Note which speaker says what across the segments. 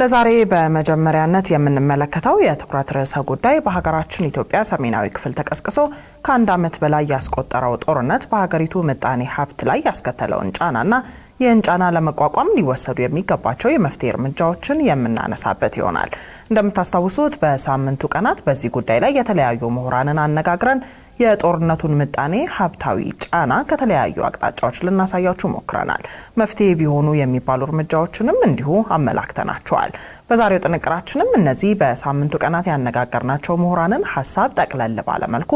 Speaker 1: ለዛሬ በመጀመሪያነት የምንመለከተው የትኩረት ርዕሰ ጉዳይ በሀገራችን ኢትዮጵያ ሰሜናዊ ክፍል ተቀስቅሶ ከአንድ ዓመት በላይ ያስቆጠረው ጦርነት በሀገሪቱ ምጣኔ ሀብት ላይ ያስከተለውን ጫናና ይህን ጫና ለመቋቋም ሊወሰዱ የሚገባቸው የመፍትሄ እርምጃዎችን የምናነሳበት ይሆናል። እንደምታስታውሱት በሳምንቱ ቀናት በዚህ ጉዳይ ላይ የተለያዩ ምሁራንን አነጋግረን የጦርነቱን ምጣኔ ሀብታዊ ጫና ከተለያዩ አቅጣጫዎች ልናሳያችሁ ሞክረናል። መፍትሄ ቢሆኑ የሚባሉ እርምጃዎችንም እንዲሁ አመላክተናቸዋል። በዛሬው ጥንቅራችንም እነዚህ በሳምንቱ ቀናት ያነጋገርናቸው ምሁራንን ሀሳብ ጠቅለል ባለመልኩ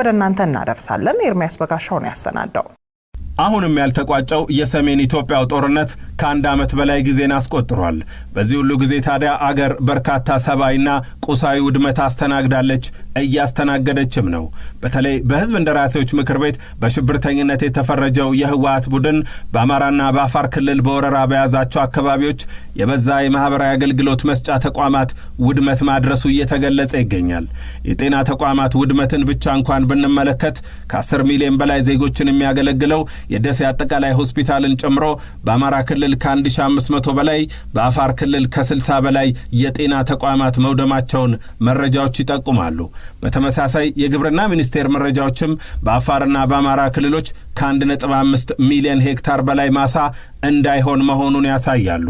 Speaker 1: ወደ እናንተ እናደርሳለን። ኤርሚያስ በጋሻውን ያሰናዳው።
Speaker 2: አሁንም ያልተቋጨው የሰሜን ኢትዮጵያው ጦርነት ከአንድ ዓመት በላይ ጊዜን አስቆጥሯል። በዚህ ሁሉ ጊዜ ታዲያ አገር በርካታ ሰብአዊና ቁሳዊ ውድመት አስተናግዳለች፣ እያስተናገደችም ነው። በተለይ በህዝብ እንደራሴዎች ምክር ቤት በሽብርተኝነት የተፈረጀው የህወሀት ቡድን በአማራና በአፋር ክልል በወረራ በያዛቸው አካባቢዎች የበዛ የማኅበራዊ አገልግሎት መስጫ ተቋማት ውድመት ማድረሱ እየተገለጸ ይገኛል። የጤና ተቋማት ውድመትን ብቻ እንኳን ብንመለከት ከ10 ሚሊዮን በላይ ዜጎችን የሚያገለግለው የደሴ አጠቃላይ ሆስፒታልን ጨምሮ በአማራ ክልል ከ1500 በላይ በአፋር ክልል ከ60 በላይ የጤና ተቋማት መውደማቸውን መረጃዎች ይጠቁማሉ። በተመሳሳይ የግብርና ሚኒስቴር መረጃዎችም በአፋርና በአማራ ክልሎች ከ1.5 ሚሊዮን ሄክታር በላይ ማሳ እንዳይሆን መሆኑን ያሳያሉ።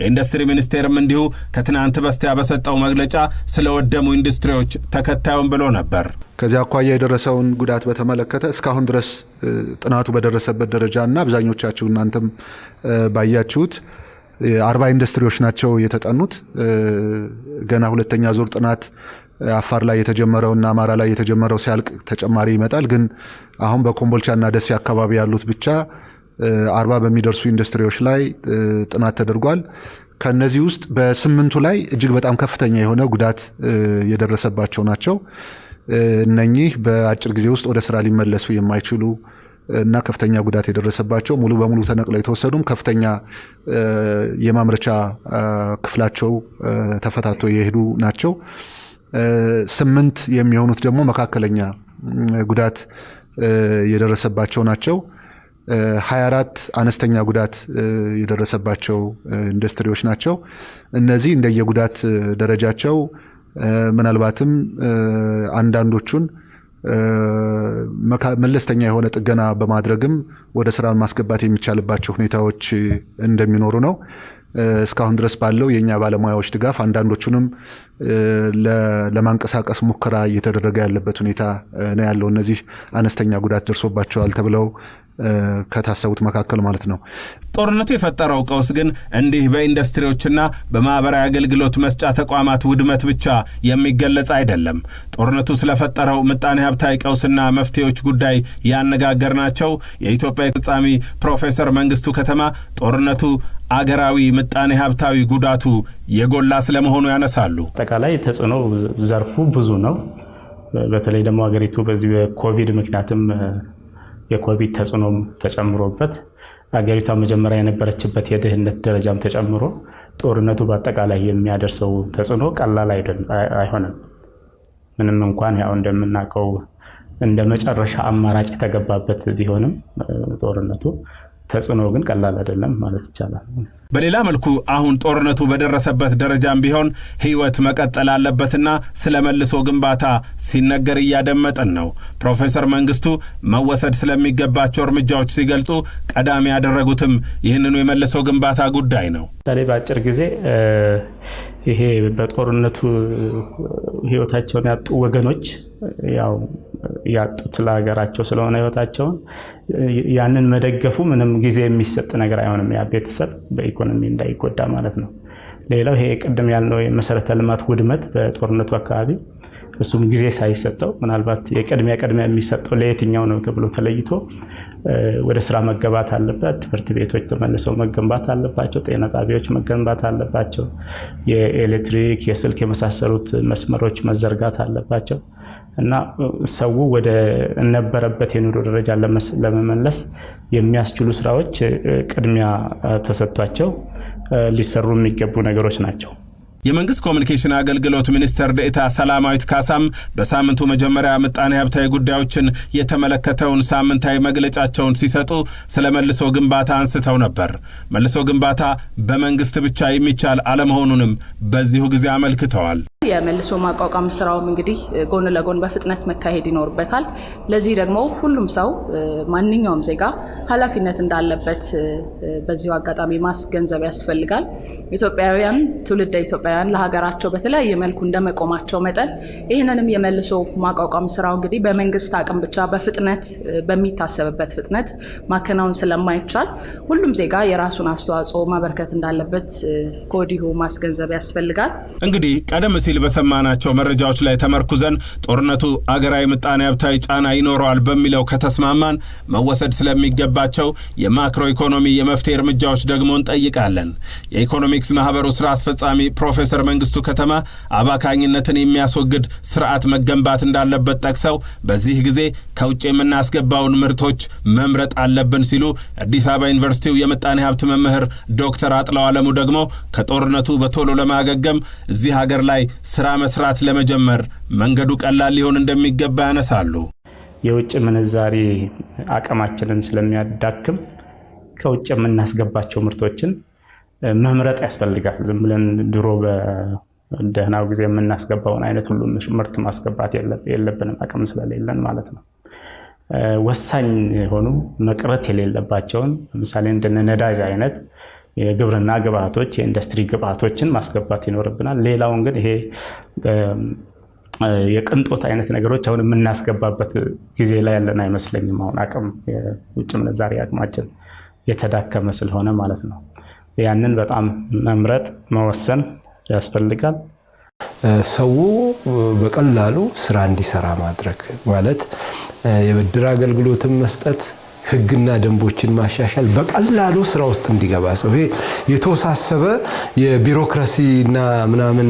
Speaker 2: የኢንዱስትሪ ሚኒስቴርም እንዲሁ ከትናንት በስቲያ በሰጠው መግለጫ ስለ ወደሙ ኢንዱስትሪዎች ተከታዩን ብሎ ነበር።
Speaker 3: ከዚያ አኳያ የደረሰውን ጉዳት በተመለከተ እስካሁን ድረስ ጥናቱ በደረሰበት ደረጃ እና አብዛኞቻችሁ እናንተም ባያችሁት አርባ ኢንዱስትሪዎች ናቸው የተጠኑት። ገና ሁለተኛ ዙር ጥናት አፋር ላይ የተጀመረውና አማራ ላይ የተጀመረው ሲያልቅ ተጨማሪ ይመጣል። ግን አሁን በኮምቦልቻና ደሴ አካባቢ ያሉት ብቻ አርባ በሚደርሱ ኢንዱስትሪዎች ላይ ጥናት ተደርጓል። ከነዚህ ውስጥ በስምንቱ ላይ እጅግ በጣም ከፍተኛ የሆነ ጉዳት የደረሰባቸው ናቸው። እነኚህ በአጭር ጊዜ ውስጥ ወደ ስራ ሊመለሱ የማይችሉ እና ከፍተኛ ጉዳት የደረሰባቸው ሙሉ በሙሉ ተነቅለው የተወሰዱም ከፍተኛ የማምረቻ ክፍላቸው ተፈታቶ የሄዱ ናቸው። ስምንት የሚሆኑት ደግሞ መካከለኛ ጉዳት የደረሰባቸው ናቸው። አራት አነስተኛ ጉዳት የደረሰባቸው ኢንዱስትሪዎች ናቸው። እነዚህ እንደየጉዳት ደረጃቸው ምናልባትም አንዳንዶቹን መለስተኛ የሆነ ጥገና በማድረግም ወደ ስራ ማስገባት የሚቻልባቸው ሁኔታዎች እንደሚኖሩ ነው። እስካሁን ድረስ ባለው የእኛ ባለሙያዎች ድጋፍ አንዳንዶቹንም ለማንቀሳቀስ ሙከራ እየተደረገ ያለበት ሁኔታ ነው ያለው። እነዚህ አነስተኛ ጉዳት ደርሶባቸዋል ተብለው ከታሰቡት መካከል ማለት ነው።
Speaker 2: ጦርነቱ የፈጠረው ቀውስ ግን እንዲህ በኢንዱስትሪዎችና በማህበራዊ አገልግሎት መስጫ ተቋማት ውድመት ብቻ የሚገለጽ አይደለም። ጦርነቱ ስለፈጠረው ምጣኔ ሀብታዊ ቀውስና መፍትሄዎች ጉዳይ ናቸው የኢትዮጵያ ፍጻሜ ፕሮፌሰር መንግስቱ ከተማ ጦርነቱ አገራዊ ምጣኔ ሀብታዊ ጉዳቱ የጎላ ስለመሆኑ ያነሳሉ።
Speaker 4: አጠቃላይ ተጽዕኖ ዘርፉ ብዙ ነው። በተለይ ደግሞ ሀገሪቱ በዚህ በኮቪድ ምክንያትም የኮቪድ ተጽዕኖም ተጨምሮበት አገሪቷ መጀመሪያ የነበረችበት የድህነት ደረጃም ተጨምሮ ጦርነቱ በአጠቃላይ የሚያደርሰው ተጽዕኖ ቀላል አይሆንም። ምንም እንኳን ያው እንደምናውቀው እንደ መጨረሻ አማራጭ የተገባበት ቢሆንም ጦርነቱ ተጽዕኖ ግን ቀላል አይደለም ማለት ይቻላል።
Speaker 2: በሌላ መልኩ አሁን ጦርነቱ በደረሰበት ደረጃም ቢሆን ህይወት መቀጠል አለበትና ስለ መልሶ ግንባታ ሲነገር እያደመጠን ነው። ፕሮፌሰር መንግስቱ መወሰድ ስለሚገባቸው እርምጃዎች ሲገልጹ ቀዳሚ ያደረጉትም ይህንኑ የመልሶ ግንባታ ጉዳይ ነው።
Speaker 4: ምሳሌ በአጭር ጊዜ ይሄ በጦርነቱ ህይወታቸውን ያጡ ወገኖች ያው ያጡት ለሀገራቸው ስለሆነ ህይወታቸውን ያንን መደገፉ ምንም ጊዜ የሚሰጥ ነገር አይሆንም። ያ ቤተሰብ በኢኮኖሚ እንዳይጎዳ ማለት ነው። ሌላው ይሄ ቅድም ያልነው የመሰረተ ልማት ውድመት በጦርነቱ አካባቢ እሱም ጊዜ ሳይሰጠው ምናልባት የቅድሚያ ቅድሚያ የሚሰጠው ለየትኛው ነው ተብሎ ተለይቶ ወደ ስራ መገባት አለበት። ትምህርት ቤቶች ተመልሰው መገንባት አለባቸው። ጤና ጣቢያዎች መገንባት አለባቸው። የኤሌክትሪክ፣ የስልክ የመሳሰሉት መስመሮች መዘርጋት አለባቸው። እና ሰው ወደ ነበረበት የኑሮ ደረጃ ለመመለስ የሚያስችሉ ስራዎች ቅድሚያ ተሰጥቷቸው ሊሰሩ የሚገቡ ነገሮች ናቸው።
Speaker 2: የመንግስት ኮሚኒኬሽን አገልግሎት ሚኒስትር ዴኤታ ሰላማዊት ካሳም በሳምንቱ መጀመሪያ ምጣኔ ሀብታዊ ጉዳዮችን የተመለከተውን ሳምንታዊ መግለጫቸውን ሲሰጡ ስለ መልሶ ግንባታ አንስተው ነበር። መልሶ ግንባታ በመንግስት ብቻ የሚቻል አለመሆኑንም በዚሁ ጊዜ አመልክተዋል።
Speaker 5: የመልሶ ማቋቋም ስራውም እንግዲህ ጎን ለጎን በፍጥነት መካሄድ ይኖርበታል። ለዚህ ደግሞ ሁሉም ሰው ማንኛውም ዜጋ ኃላፊነት እንዳለበት በዚሁ አጋጣሚ ማስገንዘብ ያስፈልጋል። ኢትዮጵያውያን ትውልደ ኢትዮጵያውያን ለሀገራቸው በተለያየ መልኩ እንደመቆማቸው መጠን ይህንንም የመልሶ ማቋቋም ስራው እንግዲህ በመንግስት አቅም ብቻ በፍጥነት በሚታሰብበት ፍጥነት ማከናወን ስለማይቻል ሁሉም ዜጋ የራሱን አስተዋጽኦ ማበርከት እንዳለበት ከወዲሁ ማስገንዘብ ያስፈልጋል።
Speaker 2: እንግዲህ ቀደም ሲል ሲል በሰማናቸው መረጃዎች ላይ ተመርኩዘን ጦርነቱ አገራዊ ምጣኔ ሀብታዊ ጫና ይኖረዋል በሚለው ከተስማማን መወሰድ ስለሚገባቸው የማክሮ ኢኮኖሚ የመፍትሄ እርምጃዎች ደግሞ እንጠይቃለን። የኢኮኖሚክስ ማህበሩ ስራ አስፈጻሚ ፕሮፌሰር መንግስቱ ከተማ አባካኝነትን የሚያስወግድ ስርዓት መገንባት እንዳለበት ጠቅሰው በዚህ ጊዜ ከውጭ የምናስገባውን ምርቶች መምረጥ አለብን ሲሉ አዲስ አበባ ዩኒቨርሲቲው የምጣኔ ሀብት መምህር ዶክተር አጥለው አለሙ ደግሞ ከጦርነቱ በቶሎ ለማገገም እዚህ ሀገር ላይ ስራ መስራት ለመጀመር መንገዱ ቀላል ሊሆን እንደሚገባ ያነሳሉ።
Speaker 4: የውጭ ምንዛሬ አቅማችንን ስለሚያዳክም ከውጭ የምናስገባቸው ምርቶችን መምረጥ ያስፈልጋል። ዝም ብለን ድሮ በደህናው ጊዜ የምናስገባውን አይነት ሁሉ ምርት ማስገባት የለብንም፣ አቅም ስለሌለን ማለት ነው። ወሳኝ የሆኑ መቅረት የሌለባቸውን ለምሳሌ እንደነ ነዳጅ አይነት የግብርና ግብአቶች፣ የኢንዱስትሪ ግብአቶችን ማስገባት ይኖርብናል። ሌላውን ግን ይሄ የቅንጦት አይነት ነገሮች አሁን የምናስገባበት ጊዜ ላይ ያለን አይመስለኝም። አሁን አቅም የውጭ ምንዛሪ አቅማችን የተዳከመ ስለሆነ ማለት ነው። ያንን በጣም መምረጥ መወሰን ያስፈልጋል።
Speaker 6: ሰው በቀላሉ ስራ እንዲሰራ ማድረግ ማለት የብድር አገልግሎትን መስጠት ህግና ደንቦችን ማሻሻል በቀላሉ ስራ ውስጥ እንዲገባ ሰው ይሄ የተወሳሰበ የቢሮክራሲና ምናምን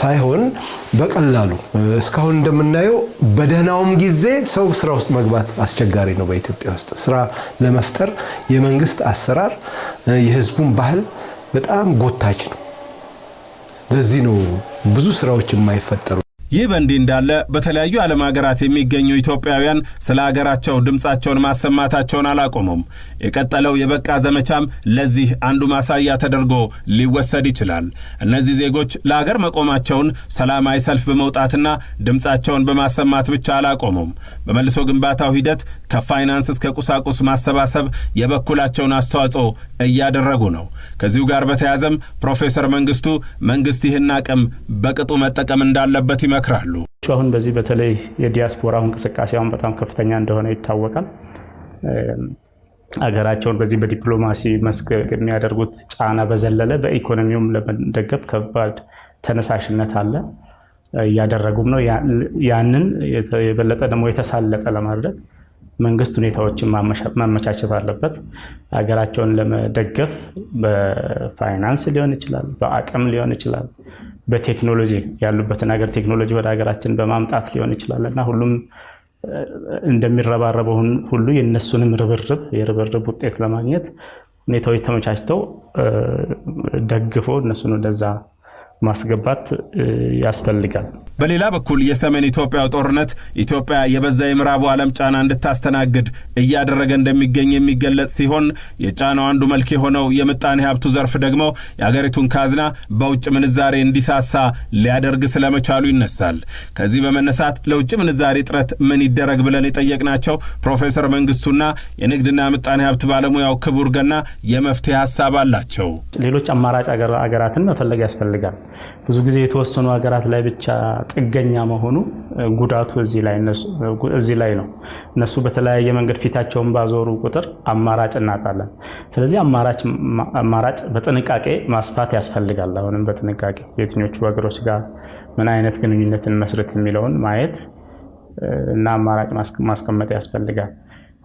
Speaker 6: ሳይሆን በቀላሉ እስካሁን እንደምናየው በደህናውም ጊዜ ሰው ስራ ውስጥ መግባት አስቸጋሪ ነው። በኢትዮጵያ ውስጥ ስራ ለመፍጠር የመንግስት አሰራር የህዝቡን ባህል በጣም ጎታች ነው። ለዚህ ነው ብዙ ስራዎች የማይፈጠሩ።
Speaker 2: ይህ በእንዲህ እንዳለ በተለያዩ ዓለም ሀገራት የሚገኙ ኢትዮጵያውያን ስለ ሀገራቸው ድምፃቸውን ማሰማታቸውን አላቆሙም። የቀጠለው የበቃ ዘመቻም ለዚህ አንዱ ማሳያ ተደርጎ ሊወሰድ ይችላል። እነዚህ ዜጎች ለሀገር መቆማቸውን ሰላማዊ ሰልፍ በመውጣትና ድምፃቸውን በማሰማት ብቻ አላቆሙም። በመልሶ ግንባታው ሂደት ከፋይናንስ እስከ ቁሳቁስ ማሰባሰብ የበኩላቸውን አስተዋጽኦ እያደረጉ ነው። ከዚሁ ጋር በተያያዘም ፕሮፌሰር መንግስቱ መንግስት ይህን አቅም በቅጡ መጠቀም እንዳለበት ይመክራሉ።
Speaker 4: አሁን በዚህ በተለይ የዲያስፖራ እንቅስቃሴ አሁን በጣም ከፍተኛ እንደሆነ ይታወቃል። አገራቸውን በዚህ በዲፕሎማሲ መስክ የሚያደርጉት ጫና በዘለለ በኢኮኖሚውም ለመደገፍ ከባድ ተነሳሽነት አለ፣ እያደረጉም ነው። ያንን የበለጠ ደግሞ የተሳለጠ ለማድረግ መንግስት ሁኔታዎችን ማመቻቸት አለበት። ሀገራቸውን ለመደገፍ በፋይናንስ ሊሆን ይችላል፣ በአቅም ሊሆን ይችላል፣ በቴክኖሎጂ ያሉበትን ሀገር ቴክኖሎጂ ወደ ሀገራችን በማምጣት ሊሆን ይችላል እና ሁሉም እንደሚረባረበው ሁሉ የእነሱንም ርብርብ የርብርብ ውጤት ለማግኘት ሁኔታዎች ተመቻችተው ደግፎ እነሱን ወደዛ ማስገባት ያስፈልጋል።
Speaker 2: በሌላ በኩል የሰሜን ኢትዮጵያው ጦርነት ኢትዮጵያ የበዛ የምዕራቡ ዓለም ጫና እንድታስተናግድ እያደረገ እንደሚገኝ የሚገለጽ ሲሆን የጫናው አንዱ መልክ የሆነው የምጣኔ ሀብቱ ዘርፍ ደግሞ የአገሪቱን ካዝና በውጭ ምንዛሬ እንዲሳሳ ሊያደርግ ስለመቻሉ ይነሳል። ከዚህ በመነሳት ለውጭ ምንዛሬ ጥረት ምን ይደረግ ብለን የጠየቅናቸው ፕሮፌሰር መንግስቱና የንግድና ምጣኔ ሀብት ባለሙያው ክቡር ገና የመፍትሄ ሀሳብ አላቸው።
Speaker 4: ሌሎች አማራጭ አገራትን መፈለግ ያስፈልጋል። ብዙ ጊዜ የተወሰኑ ሀገራት ላይ ብቻ ጥገኛ መሆኑ ጉዳቱ እዚህ ላይ ነው። እነሱ በተለያየ መንገድ ፊታቸውን ባዞሩ ቁጥር አማራጭ እናጣለን። ስለዚህ አማራጭ በጥንቃቄ ማስፋት ያስፈልጋል። አሁንም በጥንቃቄ የትኞቹ ሀገሮች ጋር ምን አይነት ግንኙነትን መስረት የሚለውን ማየት እና አማራጭ ማስቀመጥ ያስፈልጋል።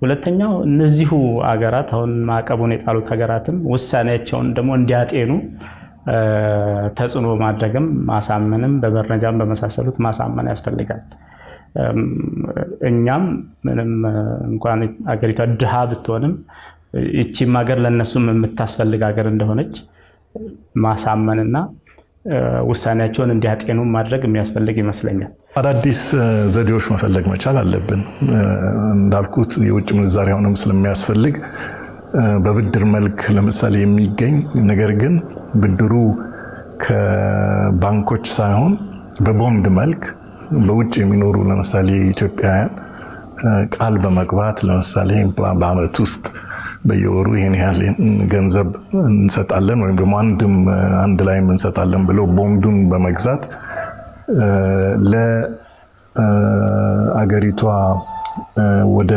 Speaker 4: ሁለተኛው እነዚሁ ሀገራት አሁን ማዕቀቡን የጣሉት ሀገራትም ውሳኔያቸውን ደግሞ እንዲያጤኑ ተጽዕኖ ማድረግም ማሳመንም በመረጃም በመሳሰሉት ማሳመን ያስፈልጋል። እኛም ምንም እንኳን አገሪቷ ድሃ ብትሆንም ይቺም ሀገር ለእነሱም የምታስፈልግ ሀገር እንደሆነች ማሳመንና ውሳኔያቸውን እንዲያጤኑ ማድረግ የሚያስፈልግ ይመስለኛል።
Speaker 6: አዳዲስ ዘዴዎች መፈለግ መቻል አለብን። እንዳልኩት የውጭ ምንዛሪ አሁንም ስለሚያስፈልግ በብድር መልክ ለምሳሌ የሚገኝ ነገር ግን ብድሩ ከባንኮች ሳይሆን በቦንድ መልክ በውጭ የሚኖሩ ለምሳሌ ኢትዮጵያውያን ቃል በመግባት ለምሳሌ በዓመት ውስጥ በየወሩ ይህን ያህል ገንዘብ እንሰጣለን ወይም ደግሞ አንድም አንድ ላይም እንሰጣለን ብለው ቦንዱን በመግዛት ለአገሪቷ ወደ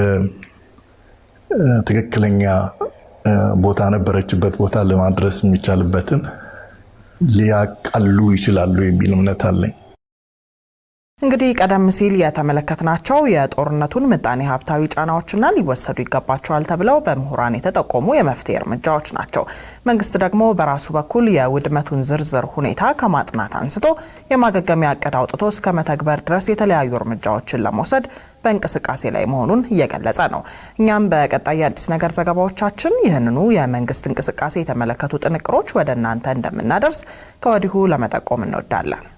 Speaker 6: ትክክለኛ ቦታ ነበረችበት ቦታ ለማድረስ የሚቻልበትን ሊያቃሉ ይችላሉ የሚል እምነት አለኝ።
Speaker 1: እንግዲህ ቀደም ሲል የተመለከትናቸው የጦርነቱን ምጣኔ ሀብታዊ ጫናዎችና ሊወሰዱ ይገባቸዋል ተብለው በምሁራን የተጠቆሙ የመፍትሄ እርምጃዎች ናቸው። መንግስት ደግሞ በራሱ በኩል የውድመቱን ዝርዝር ሁኔታ ከማጥናት አንስቶ የማገገሚያ እቅድ አውጥቶ እስከ መተግበር ድረስ የተለያዩ እርምጃዎችን ለመውሰድ በእንቅስቃሴ ላይ መሆኑን እየገለጸ ነው። እኛም በቀጣይ የአዲስ ነገር ዘገባዎቻችን ይህንኑ የመንግስት እንቅስቃሴ የተመለከቱ ጥንቅሮች ወደ እናንተ እንደምናደርስ ከወዲሁ ለመጠቆም እንወዳለን።